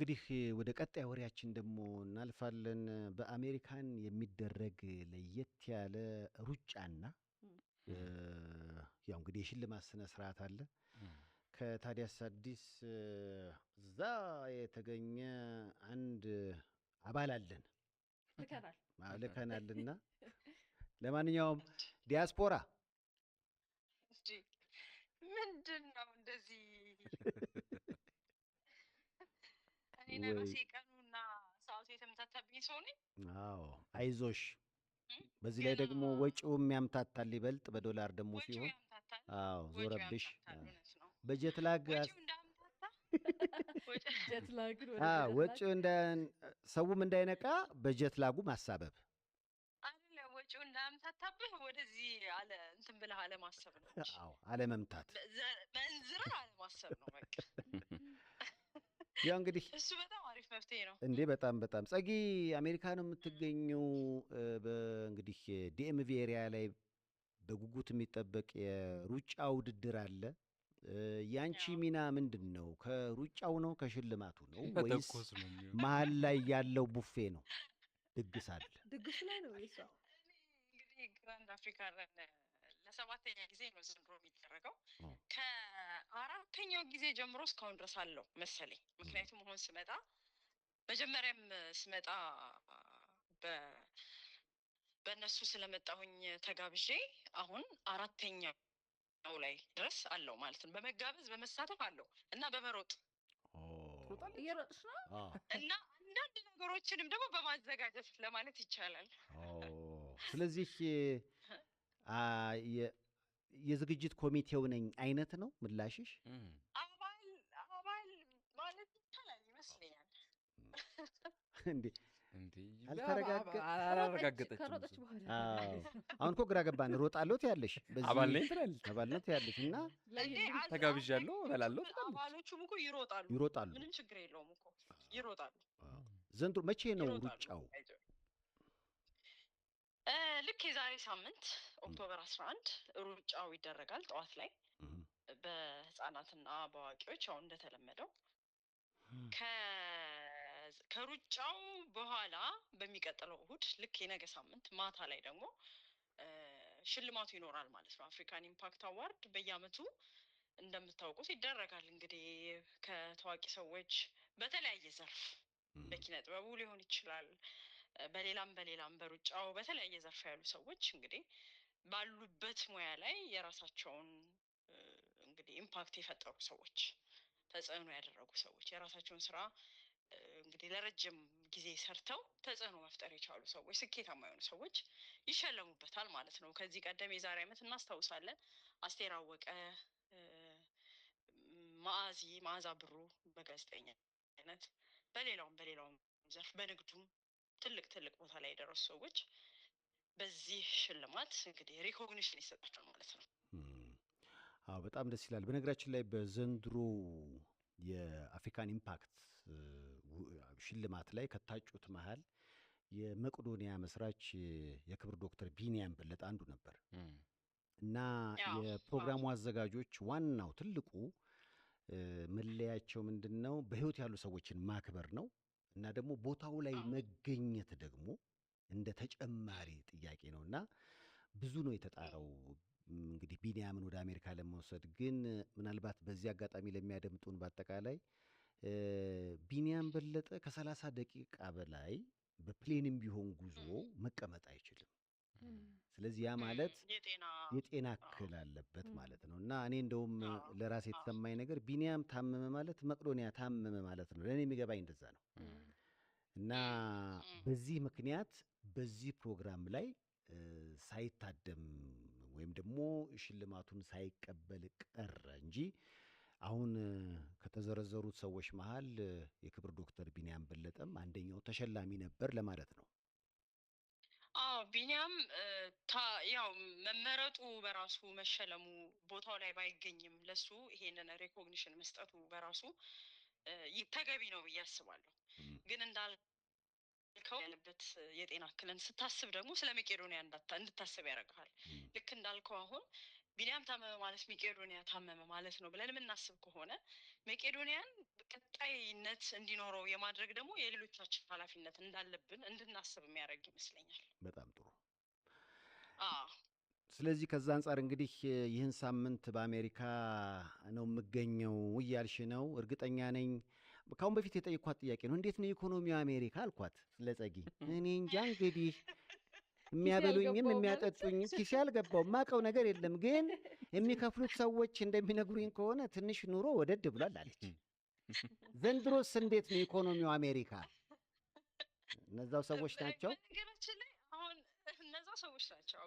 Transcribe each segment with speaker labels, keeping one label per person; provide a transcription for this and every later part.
Speaker 1: እንግዲህ ወደ ቀጣይ ወሬያችን ደግሞ እናልፋለን። በአሜሪካን የሚደረግ ለየት ያለ ሩጫና ያው እንግዲህ የሽልማት ስነ ስርዓት አለ። ከታዲያስ አዲስ እዛ የተገኘ አንድ አባል አለን ልከናልና ለማንኛውም ዲያስፖራ
Speaker 2: ምንድን ነው እንደዚህ
Speaker 1: አዎ አይዞሽ። በዚህ ላይ ደግሞ ወጪውም ያምታታል ይበልጥ በዶላር ደግሞ ሲሆን፣ አዎ ዞረብሽ። በጀት ላግ ወጪው እንደ ሰውም እንዳይነቃ በጀት ላጉ ማሳበብ
Speaker 2: ወጪው እንዳያምታታብህ ወደዚህ አለ እንትን ብለህ አለማሰብ ነው።
Speaker 1: አዎ አለመምታት፣
Speaker 2: በእንዝራ አለማሰብ ነው በቃ ያ እንግዲህ እሱ በጣም አሪፍ መፍትሄ ነው
Speaker 1: እንዴ! በጣም በጣም ጸጊ፣ አሜሪካ ነው የምትገኘው። በእንግዲህ ዲኤምቪ ኤሪያ ላይ በጉጉት የሚጠበቅ የሩጫ ውድድር አለ። ያንቺ ሚና ምንድን ነው? ከሩጫው ነው ከሽልማቱ ነው ወይስ መሀል ላይ ያለው ቡፌ ነው? ድግስ አለ።
Speaker 2: ድግስ ላይ ነው የእሷ እንግዲህ ግራንድ አፍሪካ ለሰባተኛ ጊዜ ነው ዘንድሮ የሚደረገው። ከአራተኛው ጊዜ ጀምሮ እስካሁን ድረስ አለው መሰለኝ። ምክንያቱም አሁን ስመጣ መጀመሪያም ስመጣ በእነሱ ስለመጣሁኝ ተጋብዤ አሁን አራተኛው ላይ ድረስ አለው ማለት ነው። በመጋበዝ በመሳተፍ አለው እና በመሮጥ እየሮጥሽ ነው እና አንዳንድ ነገሮችንም ደግሞ በማዘጋጀት ለማለት ይቻላል።
Speaker 1: ስለዚህ የዝግጅት ኮሚቴው ነኝ አይነት ነው ምላሽሽ? አሁን እኮ ግራ ገባን። ሮጣለት ያለሽ አባል ያለሽ እና
Speaker 3: ተጋብዣለሁ
Speaker 2: አባሎቹም እኮ ይሮጣሉ ይሮጣሉ፣ ምንም ችግር የለውም እኮ ይሮጣሉ።
Speaker 1: ዘንድሮ መቼ ነው ሩጫው?
Speaker 2: ልክ የዛሬ ሳምንት ኦክቶበር አስራ አንድ ሩጫው ይደረጋል ጠዋት ላይ በህፃናትና በአዋቂዎች አሁን እንደተለመደው ከሩጫው በኋላ በሚቀጥለው እሁድ ልክ የነገ ሳምንት ማታ ላይ ደግሞ ሽልማቱ ይኖራል ማለት ነው። አፍሪካን ኢምፓክት አዋርድ በየአመቱ እንደምታውቁት ይደረጋል። እንግዲህ ከታዋቂ ሰዎች በተለያየ ዘርፍ በኪነ ጥበቡ ሊሆን ይችላል፣ በሌላም በሌላም በሩጫው በተለያየ ዘርፍ ያሉ ሰዎች እንግዲህ ባሉበት ሙያ ላይ የራሳቸውን እንግዲህ ኢምፓክት የፈጠሩ ሰዎች፣ ተጽዕኖ ያደረጉ ሰዎች የራሳቸውን ስራ እንግዲህ ለረጅም ጊዜ ሰርተው ተጽዕኖ መፍጠር የቻሉ ሰዎች ስኬታማ የሆኑ ሰዎች ይሸለሙበታል ማለት ነው። ከዚህ ቀደም የዛሬ ዓመት እናስታውሳለን አስቴር አወቀ፣ ማአዚ መዓዛ ብሩ በጋዜጠኛነት በሌላውም በሌላውም ዘርፍ በንግዱም ትልቅ ትልቅ ቦታ ላይ የደረሱ ሰዎች በዚህ ሽልማት እንግዲህ ሪኮግኒሽን ይሰጣቸው ማለት ነው።
Speaker 1: አዎ በጣም ደስ ይላል። በነገራችን ላይ በዘንድሮ የአፍሪካን ኢምፓክት ሽልማት ላይ ከታጩት መሀል የመቄዶንያ መስራች የክብር ዶክተር ቢንያም በለጠ አንዱ ነበር እና የፕሮግራሙ አዘጋጆች ዋናው ትልቁ መለያቸው ምንድን ነው? በህይወት ያሉ ሰዎችን ማክበር ነው። እና ደግሞ ቦታው ላይ መገኘት ደግሞ እንደ ተጨማሪ ጥያቄ ነው እና ብዙ ነው የተጣረው። እንግዲህ ቢንያምን ወደ አሜሪካ ለመውሰድ ግን ምናልባት በዚህ አጋጣሚ ለሚያደምጡን በአጠቃላይ ቢንያም በለጠ ከሰላሳ ደቂቃ በላይ በፕሌንም ቢሆን ጉዞ መቀመጥ አይችልም። ስለዚህ ያ ማለት የጤና እክል አለበት ማለት ነው። እና እኔ እንደውም ለራሴ የተሰማኝ ነገር ቢንያም ታመመ ማለት መቅዶኒያ ታመመ ማለት ነው። ለእኔ የሚገባኝ እንደዛ ነው። እና በዚህ ምክንያት በዚህ ፕሮግራም ላይ ሳይታደም ወይም ደግሞ ሽልማቱን ሳይቀበል ቀረ እንጂ አሁን ከተዘረዘሩት ሰዎች መሀል የክብር ዶክተር ቢንያም በለጠም አንደኛው ተሸላሚ ነበር ለማለት ነው።
Speaker 2: ቢኒያም ያው መመረጡ በራሱ መሸለሙ ቦታው ላይ ባይገኝም ለሱ ይሄንን ሬኮግኒሽን መስጠቱ በራሱ ተገቢ ነው ብዬ አስባለሁ። ግን እንዳልከው ያለበት የጤና እክልን ስታስብ ደግሞ ስለ መቄዶንያ እንድታስብ ያደርግሃል። ልክ እንዳልከው አሁን ቢኒያም ታመመ ማለት መቄዶንያ ታመመ ማለት ነው ብለን የምናስብ ከሆነ መቄዶንያን ቀጣይነት እንዲኖረው የማድረግ ደግሞ የሌሎቻችን ኃላፊነት እንዳለብን እንድናስብ የሚያደርግ ይመስለኛል።
Speaker 1: በጣም ስለዚህ ከዛ አንጻር እንግዲህ ይህን ሳምንት በአሜሪካ ነው የምገኘው እያልሽ ነው። እርግጠኛ ነኝ። ካሁን በፊት የጠየኳት ጥያቄ ነው፣ እንዴት ነው ኢኮኖሚው አሜሪካ አልኳት። ለጸጊ እኔ እንጃ እንግዲህ የሚያበሉኝም የሚያጠጡኝም ኪሴ አልገባው የማውቀው ነገር የለም፣ ግን የሚከፍሉት ሰዎች እንደሚነግሩኝ ከሆነ ትንሽ ኑሮ ወደድ ብሏል አለች። ዘንድሮስ እንዴት ነው ኢኮኖሚው አሜሪካ? እነዛው ሰዎች ናቸው፣
Speaker 2: ሰዎች ናቸው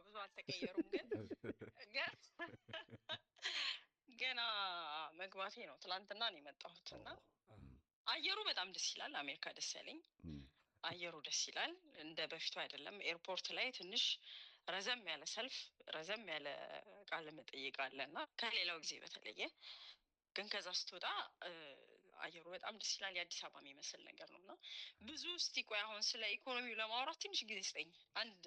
Speaker 2: አልተቀየሩም። ግን ገና መግባቴ ነው። ትላንትና ነው የመጣሁት እና አየሩ በጣም ደስ ይላል። አሜሪካ ደስ ያለኝ አየሩ ደስ ይላል። እንደ በፊቱ አይደለም። ኤርፖርት ላይ ትንሽ ረዘም ያለ ሰልፍ፣ ረዘም ያለ ቃለ መጠይቅ አለ እና ከሌላው ጊዜ በተለየ ግን ከዛ ስትወጣ አየሩ በጣም ደስ ይላል። የአዲስ አበባ የሚመስል ነገር ነው እና ብዙ እስቲ ቆይ አሁን ስለ ኢኮኖሚው ለማውራት ትንሽ ጊዜ ስጠኝ። አንድ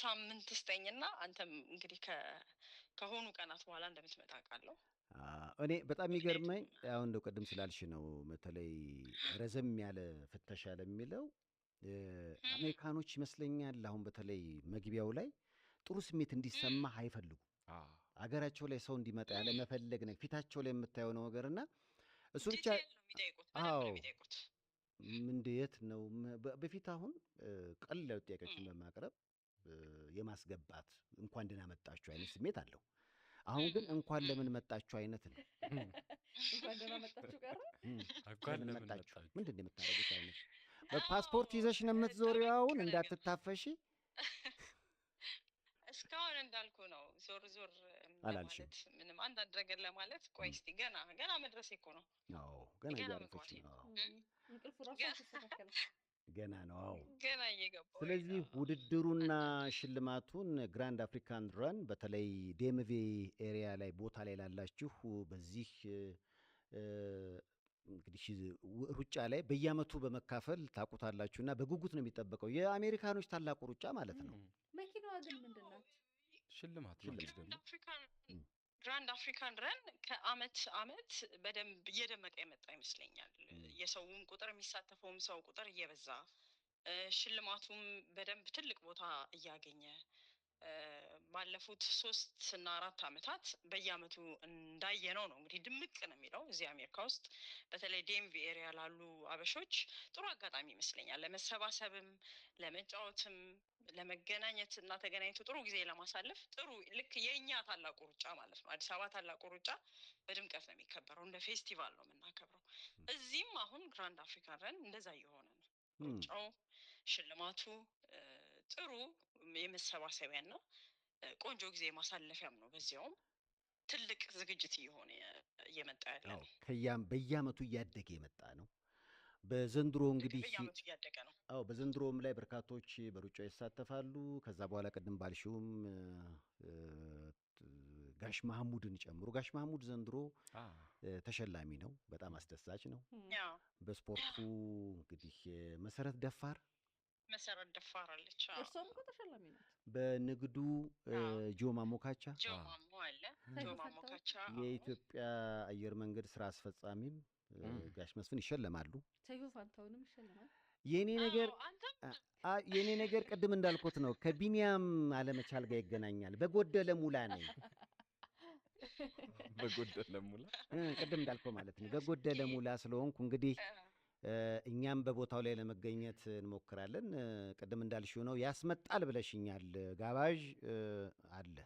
Speaker 2: ሳምንት ስጠኝና አንተም እንግዲህ ከሆኑ ቀናት በኋላ እንደምትመጣ ቃለሁ።
Speaker 1: እኔ በጣም የሚገርመኝ አሁን እንደው ቅድም ስላልሽ ነው በተለይ ረዘም ያለ ፍተሻ ለሚለው አሜሪካኖች ይመስለኛል አሁን በተለይ መግቢያው ላይ ጥሩ ስሜት እንዲሰማህ አይፈልጉም። አገራቸው ላይ ሰው እንዲመጣ ያለ መፈለግ ነ ፊታቸው ላይ የምታየው ነው ነገር እና
Speaker 2: እሱ ብቻ አዎ
Speaker 1: እንዴት ነው በፊት አሁን ቀላሉ ጥያቄዎችን በማቅረብ የማስገባት እንኳን ደህና መጣችሁ አይነት ስሜት አለው። አሁን ግን እንኳን ለምን መጣችሁ አይነት ነው።
Speaker 2: እንኳን ደህና መጣችሁ ቀረ
Speaker 1: እንኳን ለምን መጣችሁ ምንድን ነው የምታደርጉት አይነት በፓስፖርት ይዘሽ ነው የምትዞሪው አሁን እንዳትታፈሺ።
Speaker 2: እስካሁን እንዳልኩ ነው ዞር ዞር አላልሽም። ምንም አንዳንድ ነገር ለማለት ቆይ እስኪ ገና ገና መድረሴ እኮ ነው።
Speaker 1: ገና እያረፈች ነው ገና ነው። አዎ
Speaker 2: ገና እየገባ
Speaker 1: ስለዚህ ውድድሩና ሽልማቱን ግራንድ አፍሪካን ራን በተለይ ዴምቬ ኤሪያ ላይ ቦታ ላይ ላላችሁ በዚህ እንግዲህ ሩጫ ላይ በየአመቱ በመካፈል እና በጉጉት ነው የሚጠበቀው የአሜሪካኖች ታላቁ ሩጫ ማለት ነው።
Speaker 2: መኪናዋ ግን ምንድን ናት? ሽልማት አፍሪካን ግራንድ አፍሪካን ረን ከአመት አመት በደንብ እየደመቀ የመጣ ይመስለኛል። የሰውም ቁጥር የሚሳተፈውም ሰው ቁጥር እየበዛ ሽልማቱም በደንብ ትልቅ ቦታ እያገኘ ባለፉት ሶስት እና አራት አመታት በየአመቱ እንዳየነው ነው እንግዲህ ድምቅ ነው የሚለው። እዚህ አሜሪካ ውስጥ በተለይ ዴንቪ ኤሪያ ላሉ አበሾች ጥሩ አጋጣሚ ይመስለኛል፣ ለመሰባሰብም ለመጫወትም ለመገናኘት እና ተገናኝቶ ጥሩ ጊዜ ለማሳለፍ ጥሩ ልክ የእኛ ታላቁ ሩጫ ማለት ነው። አዲስ አበባ ታላቁ ሩጫ በድምቀት ነው የሚከበረው። እንደ ፌስቲቫል ነው የምናከብረው። እዚህም አሁን ግራንድ አፍሪካን ረን እንደዛ እየሆነ ነው። ሩጫው፣ ሽልማቱ ጥሩ የመሰባሰቢያ እና ቆንጆ ጊዜ ማሳለፊያም ነው። በዚያውም ትልቅ ዝግጅት እየሆነ እየመጣ ያለ ነው።
Speaker 1: በየአመቱ እያደገ የመጣ ነው። በዘንድሮ እንግዲህ በየአመቱ እያደገ ነው። አዎ በዘንድሮም ላይ በርካቶች በሩጫ ይሳተፋሉ። ከዛ በኋላ ቅድም ባልሽውም ጋሽ ማህሙድን ጨምሮ ጋሽ ማህሙድ ዘንድሮ ተሸላሚ ነው። በጣም አስደሳች ነው። በስፖርቱ እንግዲህ መሰረት ደፋር
Speaker 2: መሰረት ደፋር አለች። እርሷም እኮ ተሸላሚ ናት።
Speaker 1: በንግዱ ጆማ ሞካቻ የኢትዮጵያ አየር መንገድ ስራ አስፈጻሚም ጋሽ መስፍን ይሸለማሉ።
Speaker 2: ሰይፉ ፋንታውንም ይሸለማል።
Speaker 1: የእኔ ነገር የእኔ ነገር ቅድም እንዳልኩት ነው ከቢኒያም አለመቻል ጋር ይገናኛል። በጎደለ ሙላ ነኝ
Speaker 3: በጎደለ ሙላ
Speaker 1: ቅድም እንዳልከው ማለት ነው በጎደለ ሙላ ስለሆንኩ እንግዲህ እኛም በቦታው ላይ ለመገኘት እንሞክራለን። ቅድም እንዳልሽው ነው ያስመጣል ብለሽኛል። ጋባዥ አለ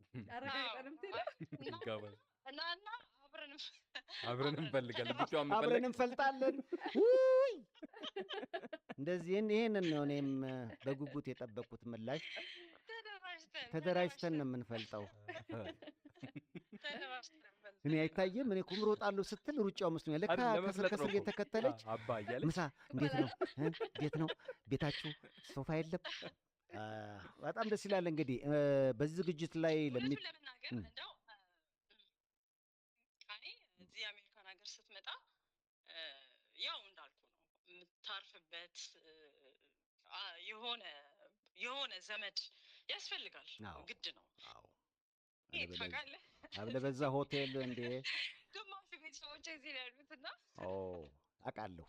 Speaker 3: አብረን እንፈልጋለን፣
Speaker 1: አብረን እንፈልጣለን። ውይ እንደዚህ ይህንን ነው እኔም በጉጉት የጠበቅኩት ምላሽ። ተደራጅተን ነው የምንፈልጠው። እኔ አይታየም። እኔ እኮ እሮጣለሁ ስትል ሩጫው መስሎኛል። ልካ ከስር ከስር የተከተለች ምሳ፣ እንዴት ነው እንዴት ነው ቤታችሁ ሶፋ የለም? በጣም ደስ ይላል። እንግዲህ በዚህ ዝግጅት ላይ
Speaker 2: ለሚ ያለበት የሆነ የሆነ ዘመድ ያስፈልጋል። ግድ ነው። ታውቃለህ
Speaker 1: አብለበዛ ሆቴል እንዴ
Speaker 2: ግማሽ ቤተሰቦች እዚህ ነው ያሉት እና
Speaker 1: አውቃለሁ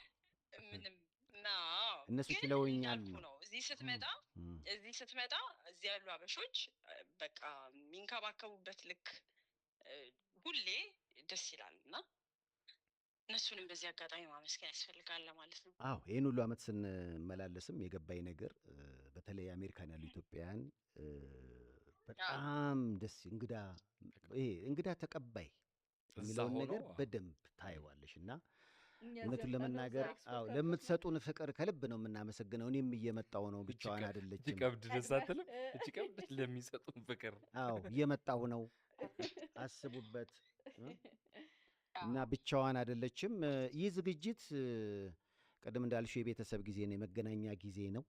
Speaker 2: ምንም እና
Speaker 1: እነሱ ችለውኛል ነው።
Speaker 2: እዚህ ስትመጣ እዚህ ስትመጣ እዚህ ያሉ አበሾች በቃ የሚንከባከቡበት ልክ ሁሌ ደስ ይላል እና እነሱንም በዚህ አጋጣሚ ማመስገን ያስፈልጋል ለማለት ነው።
Speaker 1: አዎ ይህን ሁሉ ዓመት ስንመላለስም የገባኝ ነገር በተለይ አሜሪካን ያሉ ኢትዮጵያውያን በጣም ደስ እንግዳ እንግዳ ተቀባይ የሚለውን ነገር በደንብ ታይዋለሽ እና እውነቱን ለመናገር አዎ ለምትሰጡን ፍቅር ከልብ ነው የምናመሰግነው። እኔም እየመጣው ነው ብቻዋን አይደለችም።
Speaker 3: ቀብድ ደስ አትልም። ቀብድ ለሚሰጡን ፍቅር
Speaker 1: አዎ እየመጣው ነው። አስቡበት። እና ብቻዋን አይደለችም። ይህ ዝግጅት ቅድም እንዳልሽው የቤተሰብ ጊዜ ነው፣ የመገናኛ ጊዜ ነው።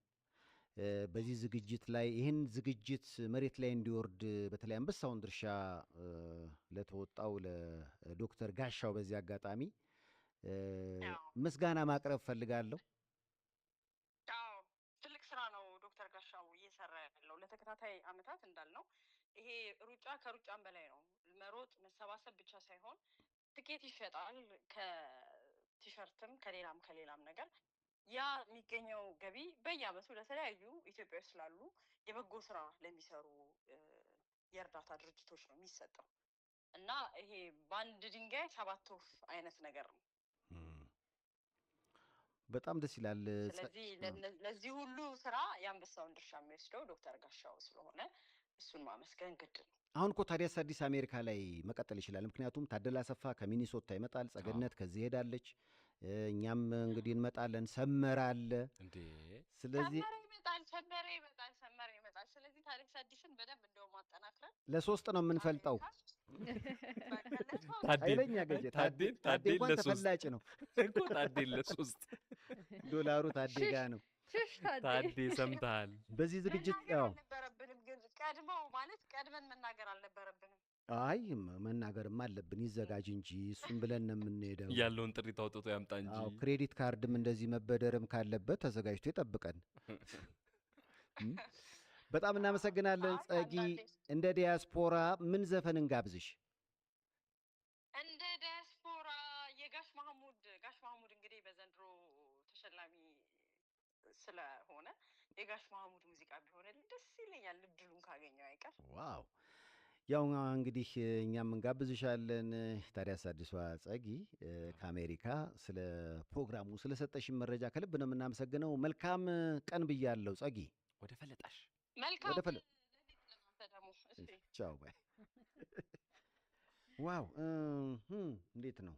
Speaker 1: በዚህ ዝግጅት ላይ ይህን ዝግጅት መሬት ላይ እንዲወርድ በተለይ አንበሳውን ድርሻ ለተወጣው ለዶክተር ጋሻው በዚህ አጋጣሚ ምስጋና ማቅረብ ፈልጋለሁ።
Speaker 2: ትልቅ ስራ ነው ዶክተር ጋሻው እየሰራ ያለው ለተከታታይ አመታት እንዳልነው ይሄ ሩጫ ከሩጫም በላይ ነው። መሮጥ መሰባሰብ ብቻ ሳይሆን ትኬት ይሸጣል ከቲሸርትም ከሌላም ከሌላም ነገር ያ የሚገኘው ገቢ በየአመቱ ለተለያዩ ኢትዮጵያ ውስጥ ስላሉ የበጎ ስራ ለሚሰሩ የእርዳታ ድርጅቶች ነው የሚሰጠው እና ይሄ በአንድ ድንጋይ ሰባት ወፍ አይነት ነገር ነው።
Speaker 1: በጣም ደስ ይላል።
Speaker 2: ስለዚህ ለዚህ ሁሉ ስራ የአንበሳውን ድርሻ የሚወስደው ዶክተር ጋሻው ስለሆነ እሱን ማመስገን ግድ ነው።
Speaker 1: አሁን እኮ ታዲያስ አዲስ አሜሪካ ላይ መቀጠል ይችላል። ምክንያቱም ታደላ ሰፋ ከሚኒሶታ ይመጣል፣ ጸገነት ከዚህ ሄዳለች፣ እኛም እንግዲህ እንመጣለን። ሰመረ አለ እንዴ! ስለዚህ
Speaker 2: ይመጣል፣ ሰመረ ይመጣል፣ ሰመረ ይመጣል። ስለዚህ ታዲያስ አዲስን በደንብ እንደውም አጠናክረን
Speaker 1: ለሶስት ነው የምንፈልጠው።
Speaker 3: ኃይለኛ ገጀ ታዴ
Speaker 1: ተፈላጭ ነው
Speaker 3: እኮ ታዴ ለሶስት
Speaker 1: ዶላሩ ታዴ ጋ ነው።
Speaker 3: ታዴ ሰምተሃል
Speaker 1: በዚህ ዝግጅት
Speaker 2: ቀድመው ማለት ቀድመን መናገር አልነበረብንም።
Speaker 1: አይ መናገርም አለብን። ይዘጋጅ እንጂ እሱም ብለን ነው የምንሄደው።
Speaker 3: ያለውን ጥሪት አውጥቶ ያምጣ እንጂ
Speaker 1: ክሬዲት ካርድም እንደዚህ መበደርም ካለበት ተዘጋጅቶ ይጠብቀን። በጣም እናመሰግናለን ጸጊ። እንደ ዲያስፖራ ምን ዘፈን እንጋብዝሽ?
Speaker 2: እንደ ዲያስፖራ የጋሽ ማህሙድ ጋሽ ማህሙድ እንግዲህ በዘንድሮ ተሸላሚ ስለ የጋሽ ማሙድ ሙዚቃ ቢሆንልኝ ደስ ይለኛል እድሉን ካገኘው አይቀር።
Speaker 1: ዋው ያው እንግዲህ እኛም እንጋብዝሻለን። ታዲያስ አዲሷ ጸጊ ከአሜሪካ ስለ ፕሮግራሙ ስለሰጠሽን መረጃ ከልብ ነው የምናመሰግነው። መልካም ቀን ብያለሁ ጸጊ።
Speaker 3: ወደ ፈለጣሽ
Speaker 2: መልካም
Speaker 1: ቻው ባይ። ዋው እንዴት ነው?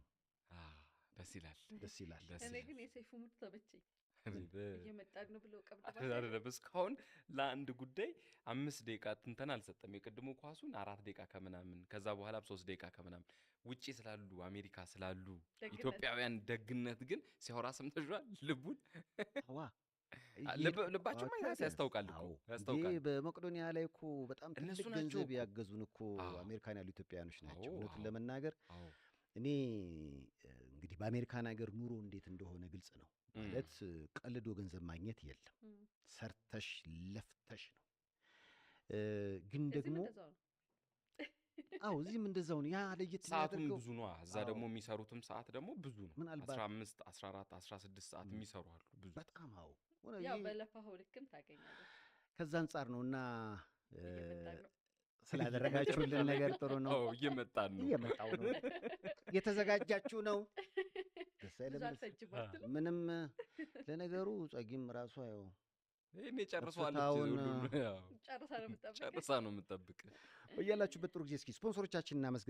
Speaker 1: ደስ ይላል፣ ደስ ይላል።
Speaker 2: እኔ ግን የሰይፉ ሙድ ተመቸኝ። እየመጣን ነው ብለው
Speaker 3: ቀብደባል። እስካሁን ለአንድ ጉዳይ አምስት ደቂቃ ትንተና አልሰጠም። የቅድሞ ኳሱን አራት ደቂቃ ከምናምን ከዛ በኋላ ሶስት ደቂቃ ከምናምን ውጭ ስላሉ አሜሪካ ስላሉ ኢትዮጵያውያን ደግነት ግን ሲያወራ ሰምተሽዋል። ልቡን ልባቸው ያስታውቃል
Speaker 1: ያስታውቃል። በመቅዶኒያ ላይ እኮ በጣም ትልቅ ገንዘብ ያገዙን እኮ አሜሪካን ያሉ ኢትዮጵያውያኖች ናቸው። እውነቱን ለመናገር እኔ በአሜሪካን ሀገር ኑሮ እንዴት እንደሆነ ግልጽ ነው። ማለት ቀልዶ ገንዘብ ማግኘት የለም፣ ሰርተሽ ለፍተሽ ነው። ግን ደግሞ አዎ እዚህም እንደዛው ነው። ያ ለየት
Speaker 3: ሰዓቱም ብዙ ነው። እዛ ደግሞ የሚሰሩትም ሰዓት ደግሞ ብዙ ነው። ምናልባት አስራ አምስት አስራ አራት አስራ ስድስት ሰዓት የሚሰሩ አሉ። ብዙ
Speaker 1: በጣም አዎ፣
Speaker 2: ያው በለፋኸው ልክም ታገኛለህ።
Speaker 1: ከዛ አንጻር ነው እና ስላደረጋችሁልን ነገር ጥሩ ነው።
Speaker 3: እየመጣን ነው፣
Speaker 1: እየመጣው ነው፣ እየተዘጋጃችሁ ነው። ምንም ለነገሩ ጸጊም ራሷ ያው
Speaker 3: ይህኔ ጨርሷለች፣ ጨርሳ ነው የምጠብቅ።
Speaker 1: በያላችሁበት ጥሩ ጊዜ። እስኪ ስፖንሰሮቻችን እናመስገን።